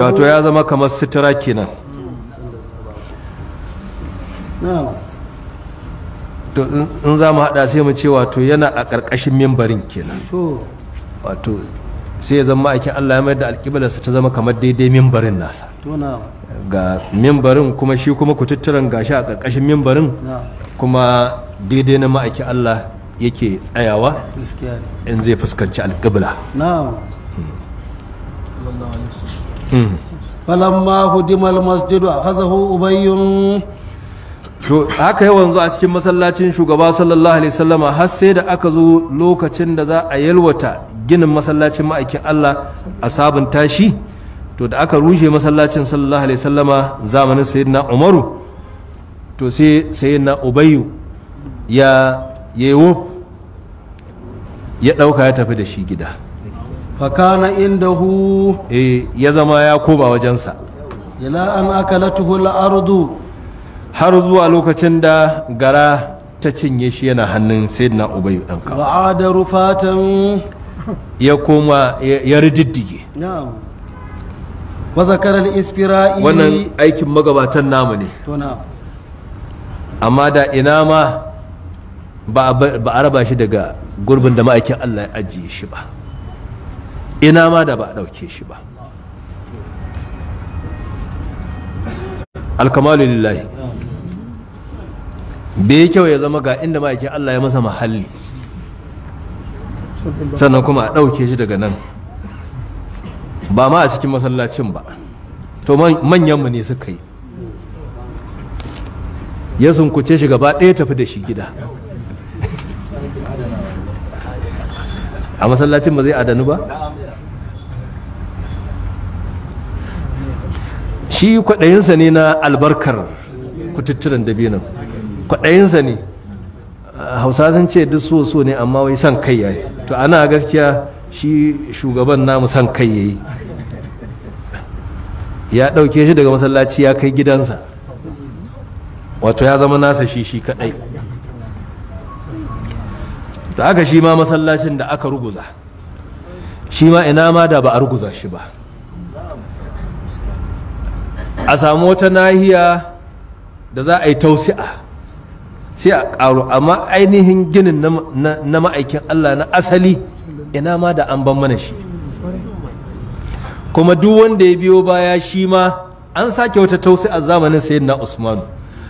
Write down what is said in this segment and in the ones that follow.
wato ya zama kamar sitira kenan to in za mu hada sai mu ce wato yana a karkashin mimbarin kenan wato sai ya zama aikin Allah ya mayar da alƙiblarsa ta zama kamar daidai mimbarin nasa ga mimbarin kuma shi kuma kututturan gashi a ƙarƙashin mimbarin kuma daidai na ma'aikin Allah yake tsayawa in zai fuskanci alƙibla hmm. فلما هدم المسجد falamma hudimal to haka yi wanzu a cikin masallacin shugaba sallallahu alaihi sallama har sai da aka zo lokacin da za a yalwata ginin masallacin ma'aikin Allah a sabon tashi, to da aka rushe masallacin sallallahu alaihi sallama zamanin sayyidina Umaru to sai sayyidina Ubayyu ya yewo ya dauka ya tafi da shi gida fakana indahu eh ya zama ya koba wajensa ila an akalatuhu al-ardu har zuwa lokacin da gara ta cinye shi yana hannun sayyidina ubay dan ka wa'ada rufatan ya koma ya rididdige na'am wa zakara al isfirai wannan aikin magabatan namu ne to amma da ina ma ba a raba shi daga gurbin da ma'aikin Allah ya ajiye shi ba ina ma da ba a ɗauke shi ba alkamalu lillahi bai kyau ya zama ga inda ma'aikin Allah ya masa mahalli sannan kuma a ɗauke shi daga nan ba ma a cikin masallacin ba to manyanmu ne suka yi ya sunkuce shi gaba ɗaya tafi da shi gida a masallacin ba zai adanu ba shi kwaɗayinsa ne na albarkar kututturen dabinan kwaɗayinsa ne hausa sun ce duk so so ne amma wai san kai yayi to ana gaskiya shi shugaban namu san kai yayi ya ɗauke shi daga masallaci ya kai gidansa wato ya zama nasa shi shi kaɗai to aka shi ma masallacin da aka ruguza shi ma ina ma da ba a ruguza shi ba a samu wata nahiya da za a yi tausi'a sai a ƙaru amma ainihin ginin na ma'aikin Allah na asali ina ma da an ban mana shi kuma duk wanda ya biyo baya shi ma an sake wata tausi'a zamanin na Usmanu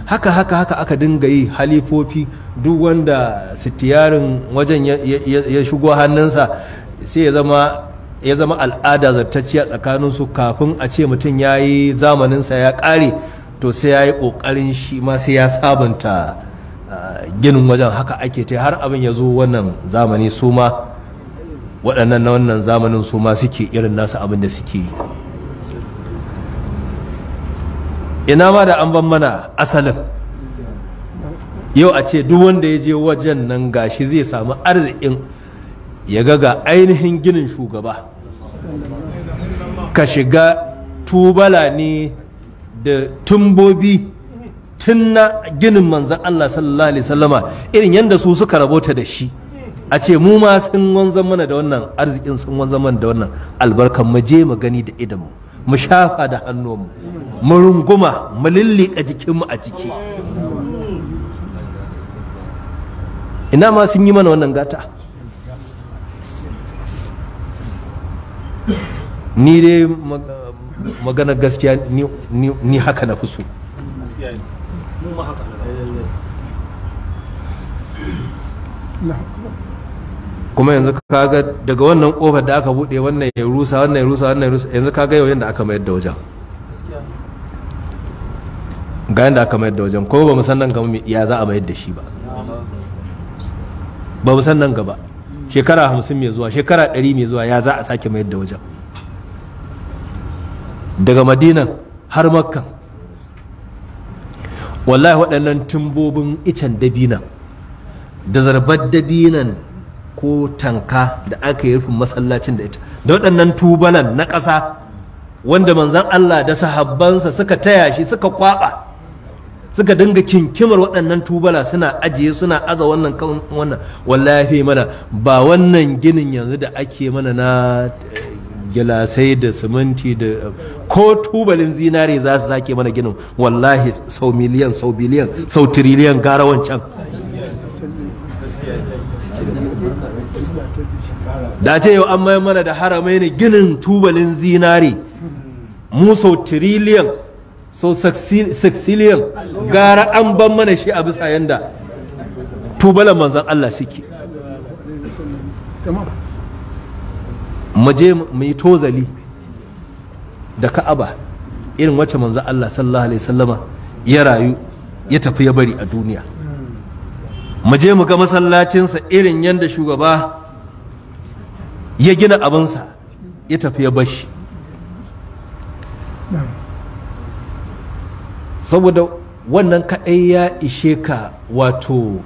haka haka haka aka dinga yi halifofi duk wanda sitiyarin wajen ya shigo hannunsa sai ya zama ya zama al'ada zartacciya su kafin a ce mutum ya yi zamaninsa ya ƙare to sai ya yi ƙoƙarin shi ma sai ya sabunta ginin wajen haka ake ta har abin ya zo wannan zamani su ma waɗannan na wannan zamanin su ma suke irin nasu abin da suke yi ina ma da an ban mana asalin yau a ce duk wanda ya je wajen nan gashi zai samu arzikin ya ga ga ainihin ginin shugaba ka shiga tubala ne da tumbobi tun na ginin manzan Allah sallallahu alaihi wasallama irin yadda su suka rabota da shi a ce mu ma sun wanzan mana da wannan arzikin sun wanzan mana da wannan albarkan mu je mu gani da idanmu mu shafa da hannunmu mu runguma mu lillika jikinmu a ciki ina ma sun yi mana wannan gata ni dai magana gaskiya ni haka na kusu. kuma yanzu kaga daga wannan kofar da aka bude wannan ya rusa wannan ya rusa wannan ya rusa yanzu kaga yau yanda aka mayar da wajen ga yanda aka mayar da wajen kuma ba mu san nan gaba ya za a mayar da shi ba ba mu san nan gaba shekara hamsin mai zuwa shekara ɗari mai zuwa ya za a sake mayar da wajen daga madinan har makka wallahi waɗannan tumbobin icen dabinan da zarbar dabinan ko tanka da aka yi rufin masallacin da ita da waɗannan tubalan na ƙasa wanda manzan Allah da sahabbansa suka taya shi suka kwaba suka dinga kinkimar waɗannan tubala suna ajiye suna aza wannan wannan wallahi mana ba wannan ginin yanzu da ake mana na eh, gilasai da siminti da ko tubalin zinare za su zake mana ginin wallahi sau miliyan sau biliyan sau tiriliyan gara wancan da ce yau an mai mana da haramai ne ginin tubalin zinare mu sau tiriliyan so saksiliyan gara an ban mana shi a bisa yanda tubalan manzan Allah suke mu je mu yi tozali da ka'aba irin wacce manzan Allah sallallahu alaihi wasallama ya rayu ya tafi ya bari a duniya mu je mu ga masallacinsa irin yanda shugaba ya gina abinsa ya tafi ya bashi saboda wannan kaɗai ya ishe ka wato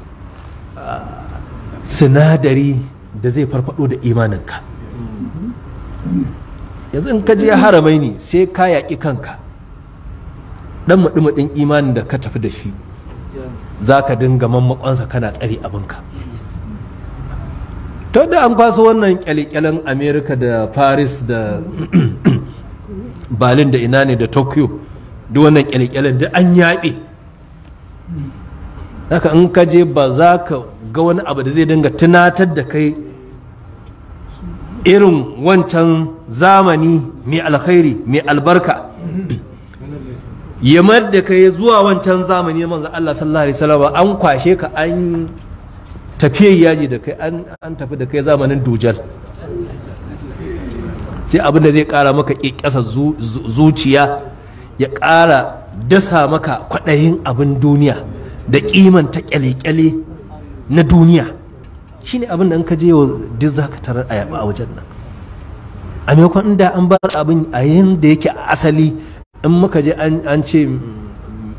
ah, sinadari da zai farfado da imaninka yanzu in ka je haramai ne sai ka yaƙi kanka ɗan maɗi imanin da ka tafi da shi za ka dinga mammakonsa kana tsari abinka ta da an kwaso wannan ƙyalƙyalan amerika da paris da berlin da ina ne da tokyo duk wannan kyalkyalen duk an yaɓe haka in ka je ba za ka ga wani abu da zai dinga tunatar da kai irin wancan zamani mai alkhairi mai albarka yamar da kai zuwa wancan zamani ya manzo Allah sallallahu alaihi wasallam an kwashe ka an tafiye yaji da kai an tafi da kai zamanin dujal sai abin da zai kara maka kikasa zuciya ya ƙara dasa maka kwaɗayin abin duniya da ƙiman ta ƙyale-ƙyale na duniya shi ne abin da an kaje wa duk za ka tarar a yaba a wajen nan a maimakon inda an ba abin a yin da yake a asali in muka je an ce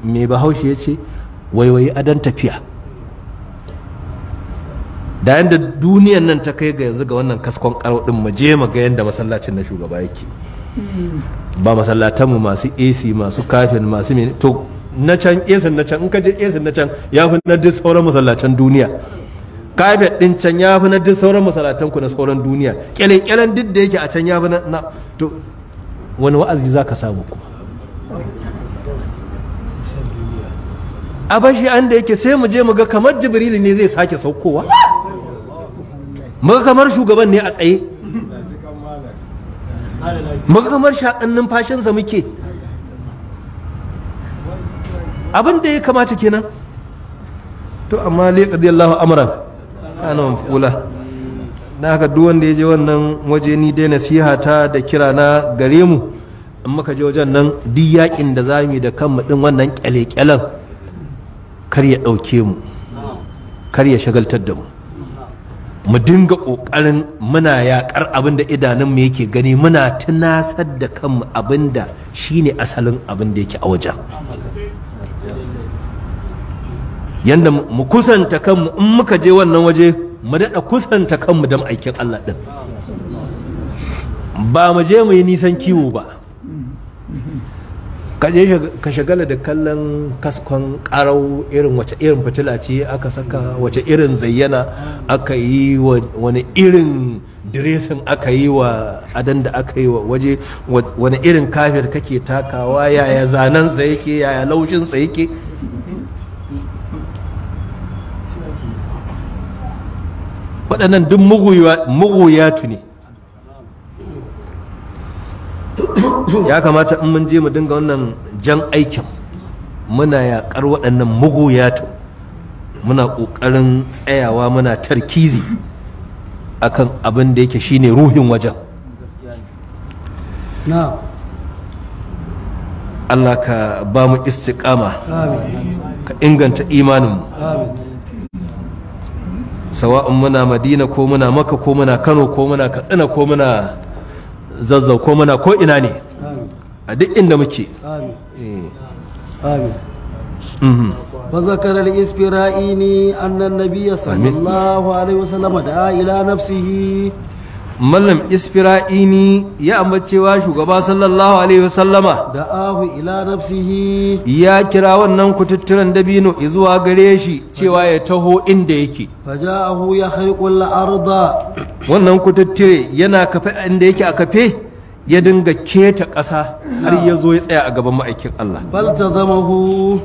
mai bahaushe ya ce waiwayi adon tafiya da yadda duniyan nan ta kai ga yanzu ga wannan kaskon karo din mu je mu ga yadda masallacin na shugaba yake ba masallatanmu masu AC masu kafin masu mini to na can esin na can in ka je esin na can ya fi na duk sauran masallatan duniya Kafin din can ya fi na duk sauran masallatan ku na sauran duniya kyalen kyalen duk da yake a can ya fi na to wani wa'azi za ka samu kuma a bashi an da yake sai mu je mu ga kamar jibril ne zai sake saukowa mu kamar shugaban ne a tsaye muka kamar shakan numfashinsa muke abin da ya kamata kenan to amma liƙa Allahu amran kana fula na haka duk ya je wannan waje ni dai nasiha ta da kira na gare mu in muka je wajen nan duk yakin da za mu da kanmu din wannan kyale-kyalen kar ya ɗauke mu kar ya shagaltar da mu mu dinga ƙoƙarin muna yaƙar abin da idanunmu yake gani muna tunasar da kanmu abin da shi asalin abin da yake a wajen yadda mu kusanta kanmu in muka je wannan waje mu daɗa kusanta kanmu don aikin Allah ɗin ba mu je mu yi nisan kiwo ba ka shagala da kallon kaskon karau irin wace irin fitila ce aka saka wace irin zayyana aka yi wani irin diresin aka yi wa adan da aka yi wa waje wani irin kafir kake takawa yaya zanen sa yake yaya laushin sa yake waɗannan duk muguyatu ne ya kamata in mun je mu dinga wannan jan aikin muna yaƙar waɗannan mugoyata muna ƙoƙarin tsayawa muna tarkizi akan abin da yake shine ruhin wajen Allah ka ba mu istiƙama ka inganta imaninmu sawa'un muna madina ko muna maka ko muna kano ko muna katsina ko muna zazzau ko mana ko ina ne a duk inda muke mazakarar eh. mhm. ispira'i ne annan nabi ya sami lahuwa da ya da a'ila nafsihi mallam isfira'ini ya ambacewa shugaba sallallahu alaihi wasallama da ahu ila nafsihi ya kira wannan kututturen dabino zuwa gare shi cewa ya taho inda yake faja'ahu ya khariqul arda wannan kututture yana kafe inda yake a kafe ya dinga keta ƙasa har ya zo ya tsaya a gaban ma'aikin Allah bal tazamahu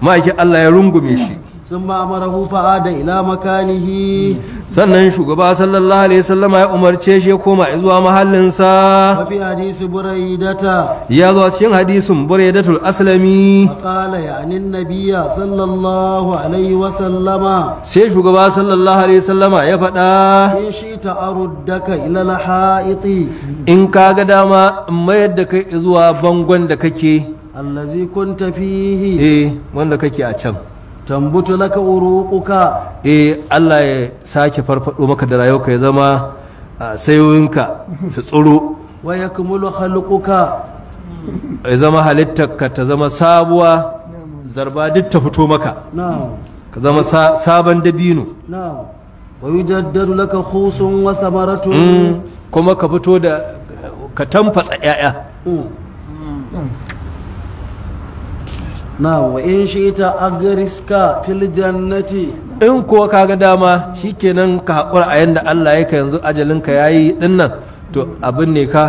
ma'aikin Allah ya rungume shi sun fa'a da ila makanihi sannan shugaba sallallahu alaihi sallama ya umarce shi ya koma zuwa mahallinsa mafi hadisu buraidata ya zo cikin hadisin buraidatul aslami qala ya anin nabiya sallallahu alaihi wasallama sai shugaba sallallahu alaihi wasallama ya faɗa in shi ta'aruddaka ila al-ha'iti in kaga dama mayar da kai zuwa bangon da kake allazi kunta fihi eh wanda kake a can tambutu laka uruquka eh Allah ya sake farfado maka da rayuwarka ya zama ah, sayoyinka su tsoro wa yakmulu khalquka ya zama halittarka ta zama sabuwa zarba duk ta fito maka ka zama sabon dabino wa yujaddadu laka khusun wa thamaratun mm. kuma ka fito da ka tamfatsa 'ya'ya mm. na wa in shi ta agariska fil jannati in kuwa kaga dama shikenan ka haƙura a yadda Allah ya ka yanzu ajalinka yayi dinnan to abin ne ka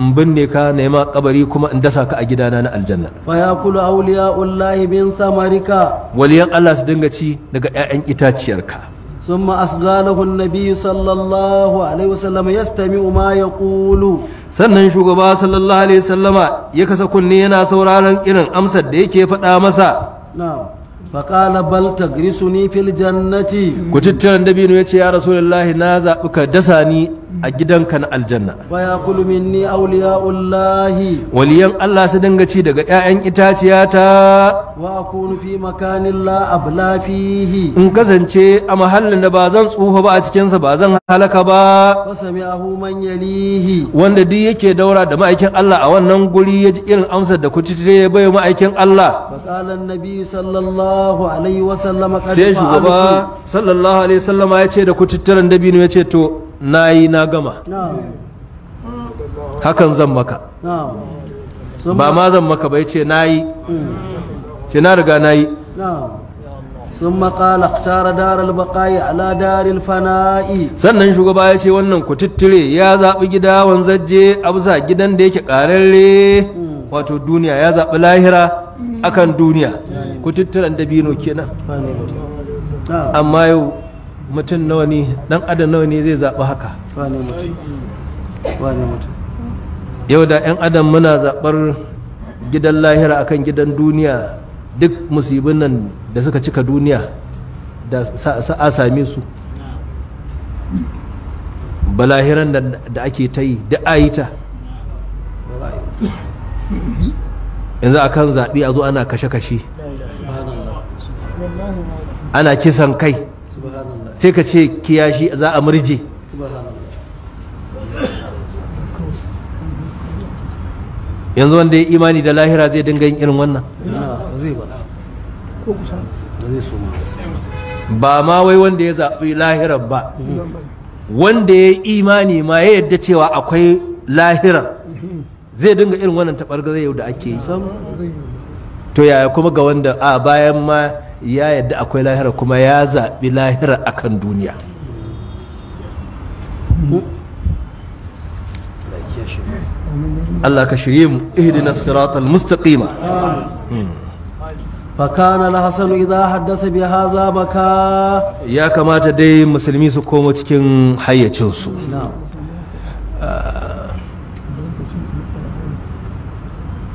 in binne ka nema kabari kuma in dasa ka a gidana na aljanna fa yakulu awliya'ullahi bin samarika waliyan Allah su dinga ci daga 'ya'yan itaciyarka ثم أصغى له النبي صلى الله ya وسلم يستمع ما يقول sannan shugaba sallallahu alaihi sallama ya kasa kunne yana sauraron irin amsar da yake faɗa masa faƙala bal tagrisuni fil jannati ku cicciran dabino ya ce ya rasulullahi na zaɓi ka dasa ni a gidanka na aljanna wa yaqulu minni awliya'ullahi waliyan Allah su dinga ci daga 'ya'yan itaciyata wa akunu fi makanin la in kasance a mahallin da ba zan tsufa ba a cikinsa sa ba zan halaka ba wa sami'ahu man yalihi wanda duk yake daura da ma'aikin Allah a wannan guri ya ji irin amsar da kututire ya bai ma'aikin Allah fa qala annabi sallallahu alaihi wa sai shugaba sallallahu alaihi wa ya ce da kututturen dabino ya ce to na yi na gama hakan zan maka ba ma zan maka bai ce na yi hmm. ce na riga na yi sun makala tara دار البقاء ala دار Fana'i. sannan shugaba ya ce wannan tittire ya zaɓi gida wanzaje abza gidan da yake ƙararre hmm. wato duniya ya zaɓi lahira akan duniya hmm. tittiran dabino kenan amma yau mutum nawa ne dan adam nawa ne zai zaɓi haka yau da yan adam muna zaɓar gidan lahira akan gidan duniya duk musibin nan da suka cika duniya da sa'a same su lahiran da ake ta yi da ayita yanzu akan zaɓi a zo ana kashe-kashe ana kisan kai sai ka ce kiyashi za a murje yanzu wanda ya imani da lahira zai dinga yin irin wannan ba ma wai wanda ya zaɓi lahirar ba wanda ya imani ma ya yadda cewa akwai lahirar zai dinga irin wannan taɓargar yau da ake yi to yaya kuma ga wanda a bayan ma ya yadda akwai lahira kuma ya zaɓi lahira a kan duniya Allah ka shirye mu ihdina siratal mustaqima فكان الحسن haddasa حدث بهذا بكى ya kamata dai musulmi su koma cikin hayyacinsu.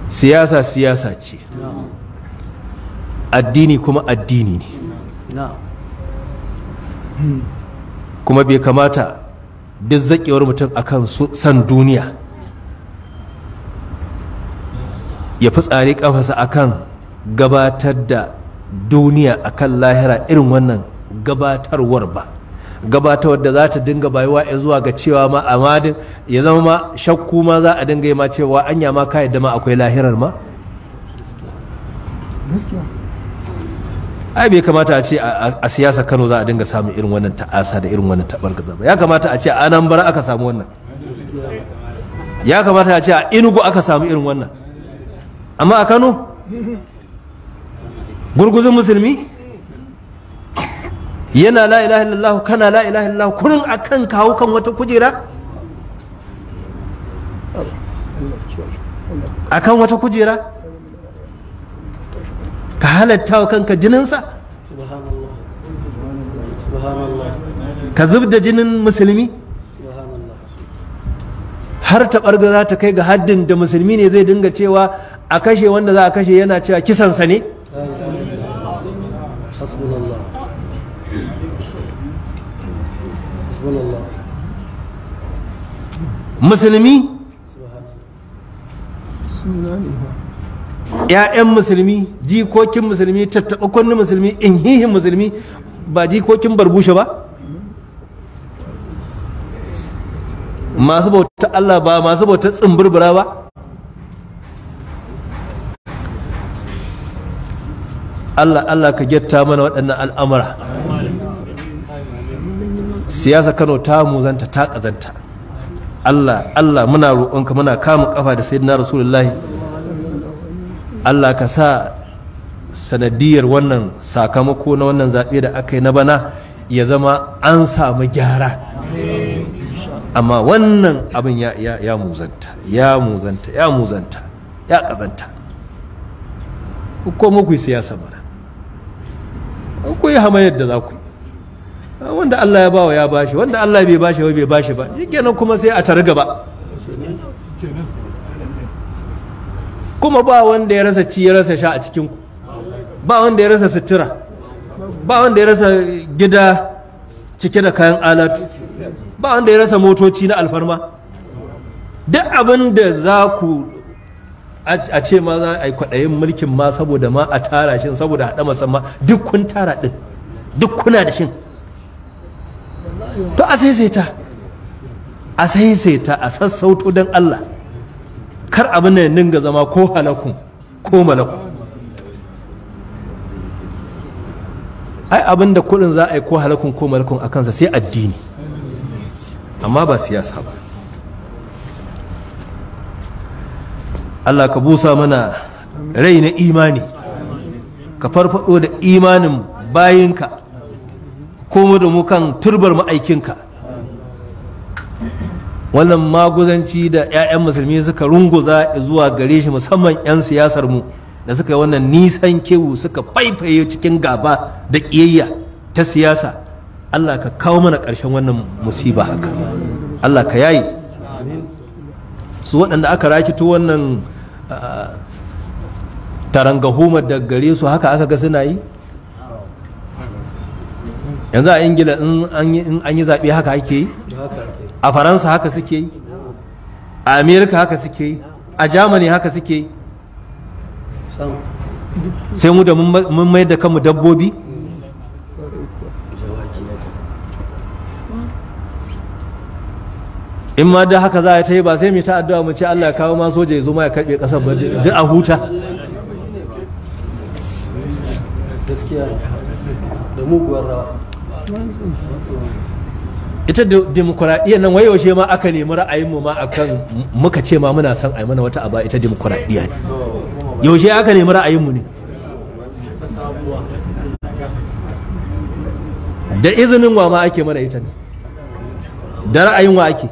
siyasa siyasa ce addini kuma addini ne kuma bai kamata duk zaƙewar mutum akan san duniya ya fi tsari kafasa akan gabatar da duniya akan lahira irin wannan gabatarwar ba gabatarwar da za ta dinga bayuwa ya zuwa ga cewa ma amadin ya zama ma shakku ma za a dinga yi ma cewa anya ma ka ma akwai lahirar ma ai bai kamata a ce a siyasa Kano za a dinga samun irin wannan ta'asa da irin wannan tabargaza ba ya kamata a ce a Anambra aka samu wannan ya kamata a ce a Inugu aka samu irin wannan amma a Kano gurguzin musulmi yana la ilaha illallah kana la ilaha illallah kurin akan kawo kan wata kujera akan wata kujera ka halatta wa kanka jininsa ka zub da jinin musulmi har taɓarga za ta kai ga haddin da musulmi ne zai dinga cewa a kashe wanda za a kashe yana cewa kisansa ne musulmi 'ya'yan musulmi jikokin musulmi tattaɓa kunnin musulmi inhihin musulmi ba jikokin barbushe ba masu bauta Allah ba masu bauta tsimbirbira ba Allah Allah ka getta mana waɗannan al'amura siyasa Kano ta muzanta ta ƙazanta Allah Allah muna roƙonka muna kama ƙafa da sayyidina Rasulullahi Allah ka sa sanadiyar wannan sakamako na wannan zaɓe da aka yi na bana ya zama an samu gyara amma wannan abin ya, ya, ya muzanta ya muzanta ya muzanta ya ƙazanta ko muku yi siyasa mana ku yi hamayar da za ku yi wanda Allah ya bawa ya bashi wanda Allah bai bashi wa bai bashi ba yake nan kuma sai a tare gaba kuma ba wanda ya rasa ci ya rasa sha a cikin ku ba wanda ya rasa sutura ba wanda ya rasa gida cike da kayan alatu ba wanda ya rasa motoci na alfarma duk abin da za ku a ce ma za a yi kwaɗayin mulkin ma saboda ma a tara shi saboda haɗa musamman duk kun tara ɗin duk kuna da shin to a saisaita a saisaita a sassauto don Allah kar abin da ya zama ko halakun ko malakun ai abin da kudin za a yi ko halakun ko malakun a kansa sai addini amma ba siyasa ba Allah ka busa mana rai na imani ka farfado da imanin bayinka komo da mu kan turbar ma'aikinka wannan maguzanci da 'ya'yan musulmi suka runguza zuwa gare shi musamman 'yan siyasar mu da suka yi wannan nisan kewu suka faifaye cikin gaba da ƙiyayya ta siyasa Allah ka kawo mana ƙarshen wannan musiba haka Allah ka yayi su waɗanda aka rakito wannan tarangahuma da gare su haka aka ga suna yi yanzu a ingila in an yi zaɓe haka ake yi a faransa haka suke yi a amerika haka suke yi a germany haka suke yi sai mu da mun mai da kanmu dabbobi in ma da haka za a ta yi ba sai mu ta addu'a mu ce Allah ya kawo ma soja ya zo ma ya karbe kasar ba duk a huta gaskiya da muguwar rawa ita demokuraɗiyyar nan wayo yaushe ma aka nemi ra'ayin mu ma akan muka ce ma muna son ai mana wata aba ita demokuraɗiyya ne yaushe aka nemi ra'ayin mu ne da izinin wa ma ake mana ita ne da ra'ayin wa ake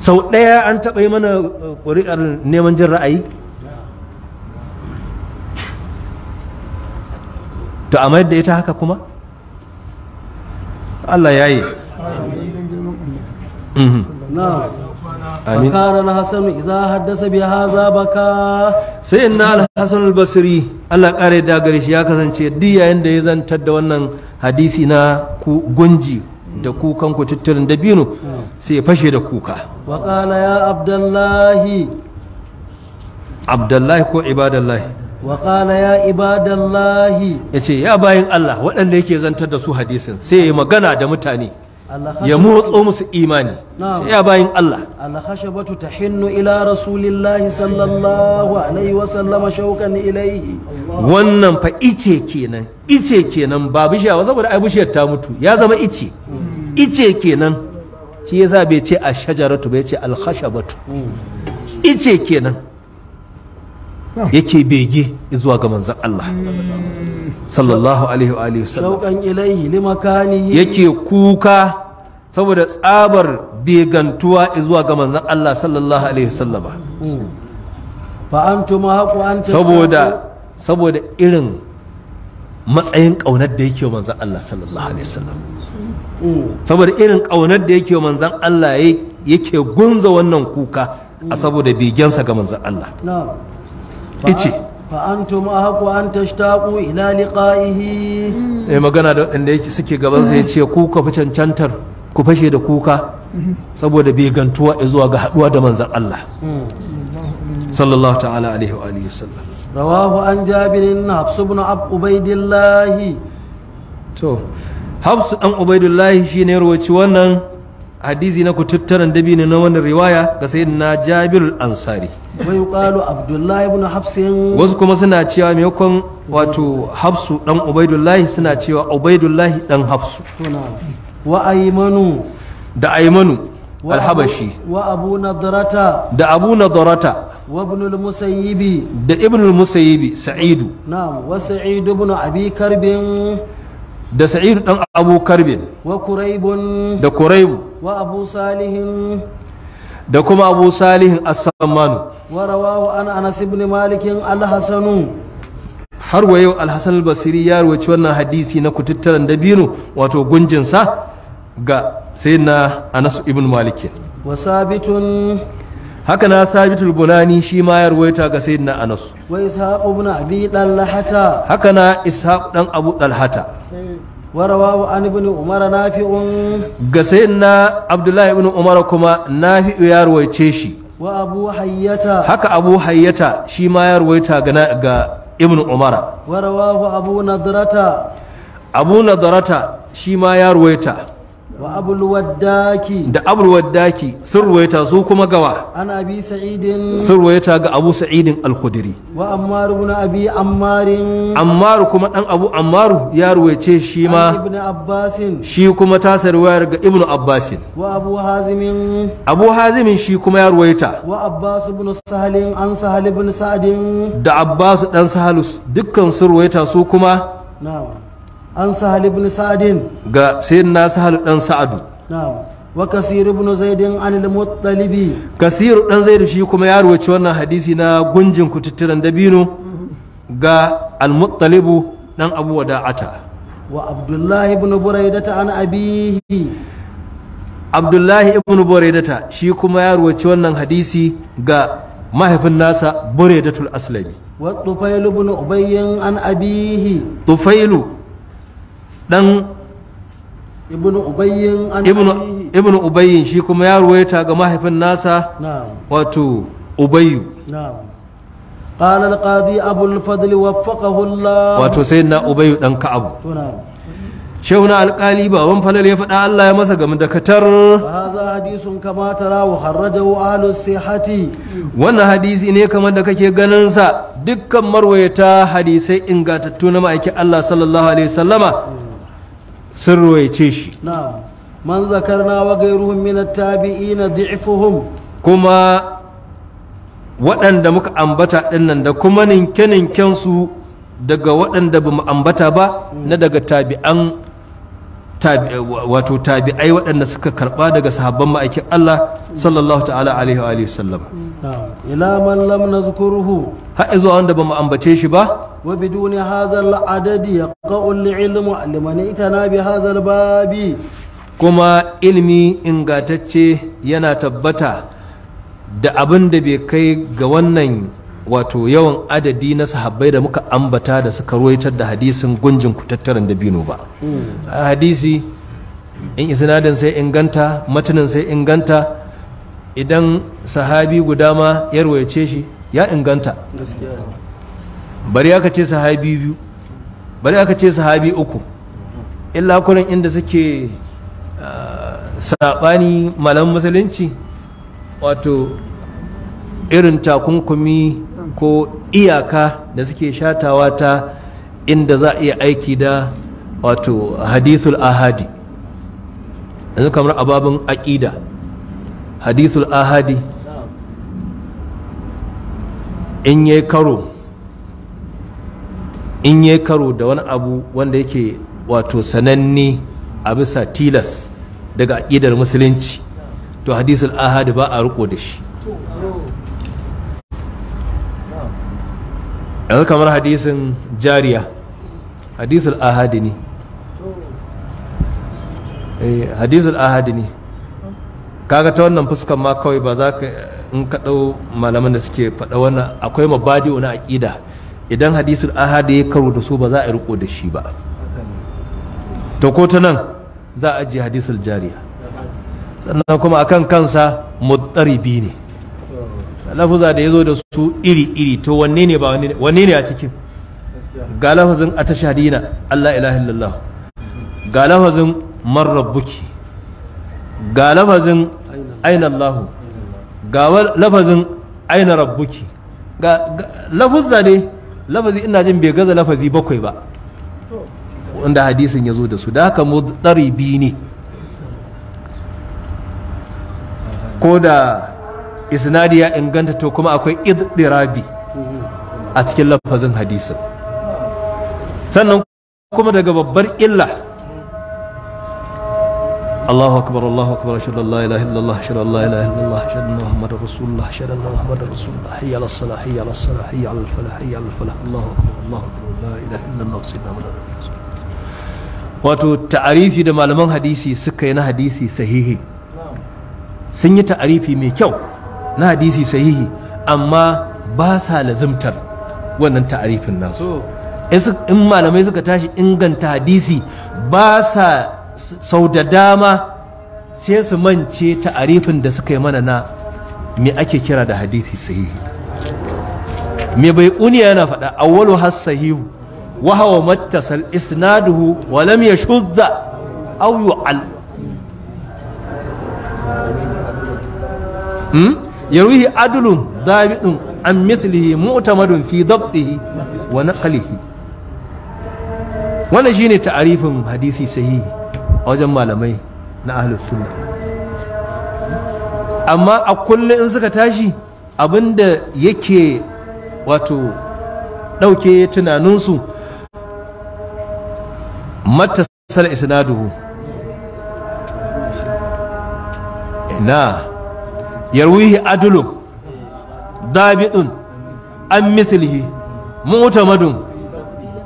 sau ɗaya an taɓa yi mana uh, ƙuri'ar neman jin ra'ayi to amma yadda ita haka kuma Allah ya yi mhm. Amin. na hasan idan haddasa bi haza baka sai inna na hasan al Allah kare da gare shi ya kasance duk yadda da ya zantar da wannan hadisi na ku gunji da kukan ku tattalin dabino sai ya fashe da kuka wa ya abdullahi abdullahi ko ibadallahi wa ya ibadallahi yace ya bayin Allah waɗanda yake zantar da su hadisin sai ya magana da mutane ya motso musu imani sai ya bayin Allah alhashabatu tahinnu ila rasulillahi sallallahu alaihi wa sallam shauqan ilaihi wannan fa ice kenan ice kenan ba bishiya ba saboda ai bishiyar ta mutu ya zama ice ice kenan shi yasa bai ce a shajaratu bai ce alhashabatu ice kenan yake bege zuwa ga manzon Allah sallallahu alaihi wa alihi shauqan ilaihi limakanihi yake kuka saboda tsabar begantuwa zuwa ga manzon Allah sallallahu alaihi wa fa antum haqu anta saboda saboda irin matsayin ƙaunar da yake wa manzan Allah sallallahu alaihi wa wasallam saboda irin ƙaunar da yake wa manzan Allah yake gunza wannan kuka a saboda begensa ga manzan Allah ice fa'antum haku an tashtaqu ila liqa'ihi eh magana da wanda yake suke gaban sa yace ku ka fi cancantar ku fashe da kuka saboda bai gantuwa zuwa ga haduwa da manzon Allah sallallahu ta'ala alaihi wa alihi wasallam rawahu an jabir ibn hafs ibn ubaidillah to hafs dan ubaidillah shine rawaci wannan hadisi na kutattaran dabini na wannan riwaya ga sayyidina Jabir al-Ansari wa yuqalu Abdullah ibn Hafsin wasu kuma suna cewa mai maimakon wato Habsu dan Ubaidullah suna cewa Ubaidullah dan Habsu wa Aymanu da Aymanu al-Habashi wa Abu Nadrata da Abu Nadrata وابن المسيب ده ابن المسيب سعيد نعم وسعيد بن ابي كرب ده سعيد abu ابو كرب وكريب da كريب Wa abu salihin. وأبو صالح دكما أبو صالح Wa ورواه ana أنس بن مالك Alhassanu. har wa yau alhassan albasiri ya rawaci wannan hadisi na da dabino wato gunjinsa ga sai na anasu ibn malikin wa sabitun haka na sabitul bunani shi ma ya rawaita ga sai na anasu wa ishaq ibn abi dalhata haka na ishaq dan abu dalhata eh. warawa an ibn umar nafi'un ga sayyidina abdullahi ibn umara kuma nafi'u ya ruwaice shi wa abu hayyata haka abu hayyata shi ma ya ruwaita ga ga ibn umar warawa abu nadrata abu nadrata shi ma ya ruwaita wa Daki. da abulwaddaki sun ruwaita su kuma gawa an abi sa'idin sun ruwaita ga abu sa'idin al-khudri wa Ammaru ibn abi Ammarin. Ammaru kuma dan abu Ammaru ya ruwaice shi ma ibn Abbasin. shi kuma ta sarwayar ga ibn Abbasin. wa abu Hazimin. abu Hazimin shi kuma ya ruwaita wa abbas ibn sahalin an sahal ibn sa'd da abbas dan sahalus dukkan sun ruwaita su kuma na'am an sahal ibn sa'adin ga sayyidina sahal dan sa'adu na'am wa kasir ibn zaid an al-muttalibi kasir dan zaid shi kuma ya ruwaci wannan hadisi na gunjin kututturan dabino ga al-muttalibu dan abu wada'ata wa abdullahi ibn buraidata an abihi abdullahi ibn buraidata shi kuma ya ruwaci wannan hadisi ga mahaifin nasa buraidatul aslami wa tufailu ibn ubayyin an abihi tufailu dan ibnu ubayyin shi kuma ya ruwaita ga mahaifin nasa wato ubayyu wato sai na الفضل وفقه الله Shehu na alƙali ba wani القالي ya faɗa Allah ya masa game da katar hadha hadisun wa wannan hadisi ne kamar da kake ganin sa dukkan marwayata hadisai ingantattu na ma'aikin Allah sallallahu alaihi wasallama sun ruwaice shi man na wa gairuhum tabi'i na tabiina di'fuhum kuma waɗanda muka ambata ɗinnan da kuma ninke-ninkensu daga waɗanda ba mu ambata ba na daga tabi'an Eh, wato tabi'ai waɗanda suka karɓa daga sahabban ma'aikin Allah sallallahu ta'ala alaihi wa alihi sallam ila man lam nazkuruhu ha izo wanda bamu ambace shi ba wa biduni hadha adadi yaqa'u al-ilmu liman itana bi hadha babi kuma ilmi ingatacce yana tabbata da abin da bai kai ga wannan wato yawan adadi na sahabbai da muka ambata da suka ruwaitar da hadisin gunjin kutattaran da bino ba hadisi in isinadin sai inganta matanin sai inganta idan sahabi guda ma ya ruwaice shi ya inganta bari aka ce sahabi biyu bari aka ce sahabi uku illa kurin inda suke saɓani malam musulunci wato irin takunkumi ko iyaka da suke shatawa ta inda za a iya aiki da wato hadithul ahadi yanzu kamar ababin aƙida hadithul ahadi in yi karo in yi karo da wani abu wanda yake wato sananne a bisa tilas daga aƙidar musulunci to hadisul ahadi ba a riko da shi yanzu kamar hadisin jariya hadisul ahadi ne eh, hadisul ahadi ne kaga ta wannan fuskan ma kawai ba za ka in ka malaman da suke faɗa wannan akwai mabadi na aƙida idan hadisul ahadi ya karu da su ba za a riko da shi ba ta ko ta nan za a ajiye hadisul jariya sannan kuma akan kansa muttaribi ne lafuza da ya zo da su iri-iri to wanne ne ba wanne ne a cikin ga lafazin a hadina, Allah ilaha illallah ga lafazin man rabbuki ga lafazin aina Allah ga lafazin aina rabbuki ga lafuzza ne lafazi ina jin bai gaza lafazi bakwai ba wanda hadisin ya zo da su da haka mu biyu ne ko da isnadi ya inganta to kuma akwai iddirabi a cikin lafazin hadisin sannan kuma daga babbar illa Allahu akbar Allahu akbar la ilaha la ilaha rasulullah rasulullah hayya ala salah hayya ala salah hayya ala falah hayya ala falah Allahu akbar Allahu akbar la ilaha sayyidina rasulullah wato ta'arifi da malaman hadisi suka yi na hadisi sahihi sun yi ta'arifi mai kyau na hadisi sahihi amma ba sa lazimtar wannan ta'arifin nasu in malamai suka tashi inganta hadisi ba sa sau da dama sai su mance ta'arifin da suka yi mana na me ake kira da hadisi sahihi me bai kuni yana faɗa awwalu has sahihu wa hawa mattasal isnaduhu wa lam yashudda aw yu'al hmm? yaruhi adulun dabidun an mithlihi mu'tamadun fi dabtihi wa naqlihi wannan shine ta'arifin hadisi sahihi a wajen malamai na ahlus amma a kullum in suka tashi abinda yake wato ɗauke tunaninsu matasar isnaduhu ina yarwihi adulun dabidun an mithlihi mu'tamadun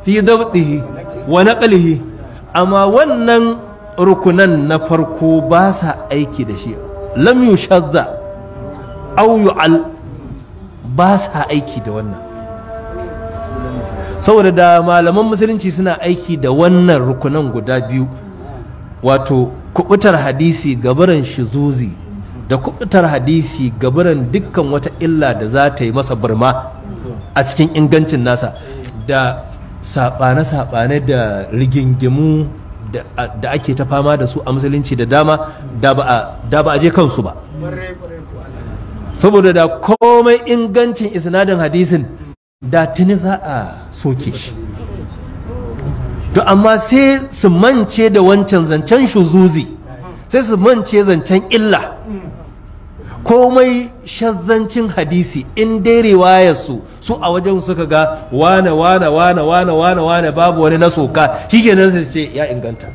fi dabdihi amma wannan rukunan na farko ba sa aiki da shi lam yushadda aw yu'al ba sa aiki da wannan saboda da malaman musulunci suna aiki da wannan rukunan guda biyu wato kubutar hadisi gabaran shizuzi da kubutar hadisi gabaran dukkan wata illa da za ta yi masa burma a cikin ingancin nasa da saɓane-saɓane da rigingimu da ake ta fama da su a musulunci da dama da ba a je kansu ba saboda da komai ingancin isnadin hadisin da tuni za a soke shi to amma sai su mance da wancan zancen shuzuzi sai su mance zancen illa komai shazzancin hadisi in dai riwayar su su a wajen suka ga wane wane wane wane wane wane babu wani na ke shikenan su ce ya inganta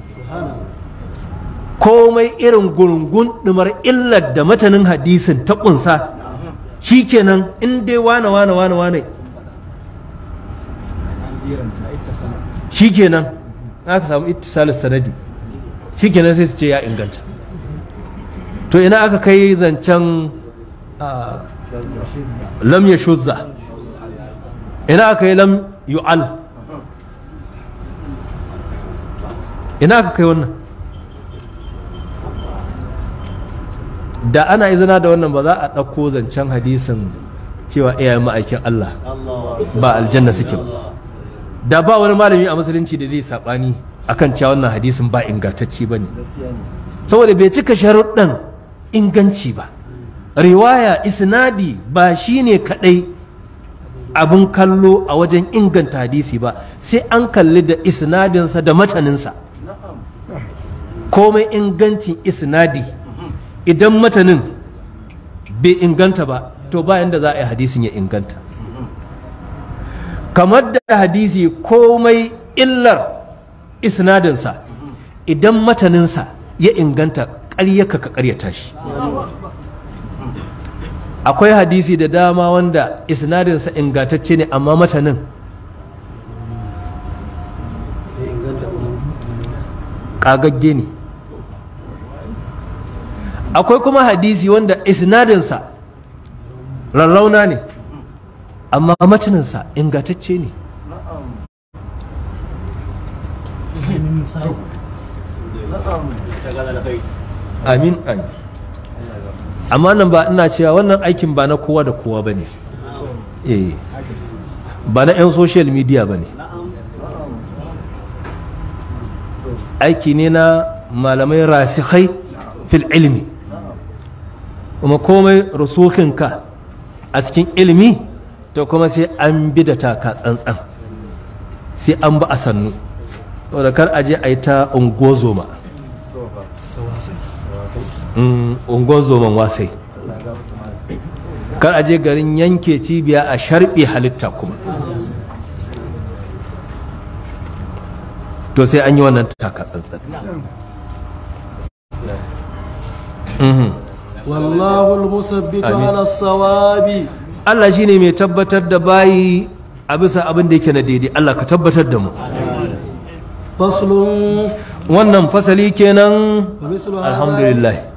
komai irin gurungun dumar illar da matanin hadisin ta kunsa shikenan in dai wane wane wane wane shikenan aka samu ittisalus sanadi shikenan sai su ce ya inganta to ina aka kai zancen lam ya shuzza ina aka yi lam yu'al ina aka kai wannan da ana izina da wannan ba za a ɗauko zancen hadisin cewa iyayen ma'aikin Allah ba aljanna suke ba da ba wani malami a musulunci da zai saɓani akan cewa wannan hadisin ba ingantacce ba ne saboda bai cika sharuɗɗan inganci ba riwaya isnadi ba shine kadai abin kallo a wajen inganta hadisi ba sai an kalli da isnadinsa da mataninsa komai ingancin isnadi idan matanin bai inganta ba to ba yanda za a yi hadisin ya inganta kamar da hadisi komai illar isnadinsa idan mataninsa ya inganta ƙaryaka ka ƙaryata shi akwai hadisi da dama wanda isnadinsa ingantacce ne amma matanin ƙagagge ne akwai kuma hadisi wanda isnadinsa rarrauna ne amma matanansa ingantacce ne amin amin amma nan ba ina cewa wannan aikin ba na kowa da kowa ba ne eh, ba na 'yan social media ba ne aiki ne na malamai rasikhai fil ilmi kuma komai rusukinka a cikin ilmi to kuma sai an bi da taka tsantsan sai an ba a sannu da kar aje a yi ta ungozoma Mm, unguwar zoman wasai kar a je garin yanke cibiya a sharbi halitta kuma to sai an yi wannan taka tsantsan mhm. wallahul musabbitu ala sawabi Allah shine mai tabbatar da bayi a bisa abin da yake na daidai Allah ka tabbatar da mu faslun wannan fasali kenan alhamdulillah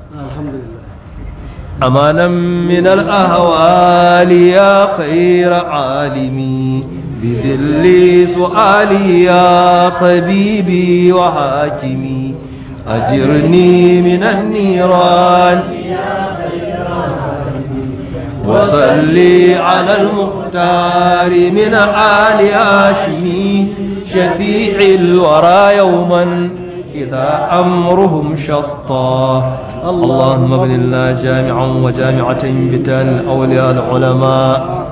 أمانا من الأهوال يا خير عالمي بذل سؤالي يا طبيبي وحاكمي أجرني من النيران وصلي على المختار من آل هاشمي شفيع الورى يوماً إذا أمرهم شطا اللهم ابن الله جامعا وجامعة بتان أولياء العلماء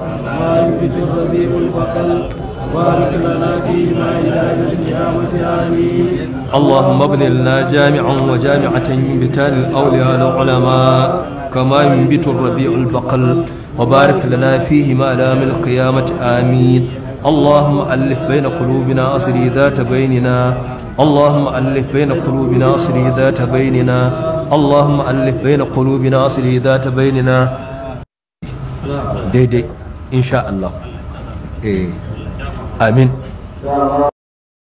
بارك لنا فيما إلى القيامة آمين اللهم ابن لنا جامعا وجامعة ينبتان الأولياء العلماء كما ينبت الربيع البقل وبارك لنا فيهما لا من القيامة آمين اللهم ألف بين قلوبنا أصلي ذات بيننا اللهم ألف بين قلوبنا واصله ذات بيننا اللهم ألف بين قلوبنا واصله ذات بيننا ديدي إن شاء الله إيه. آمين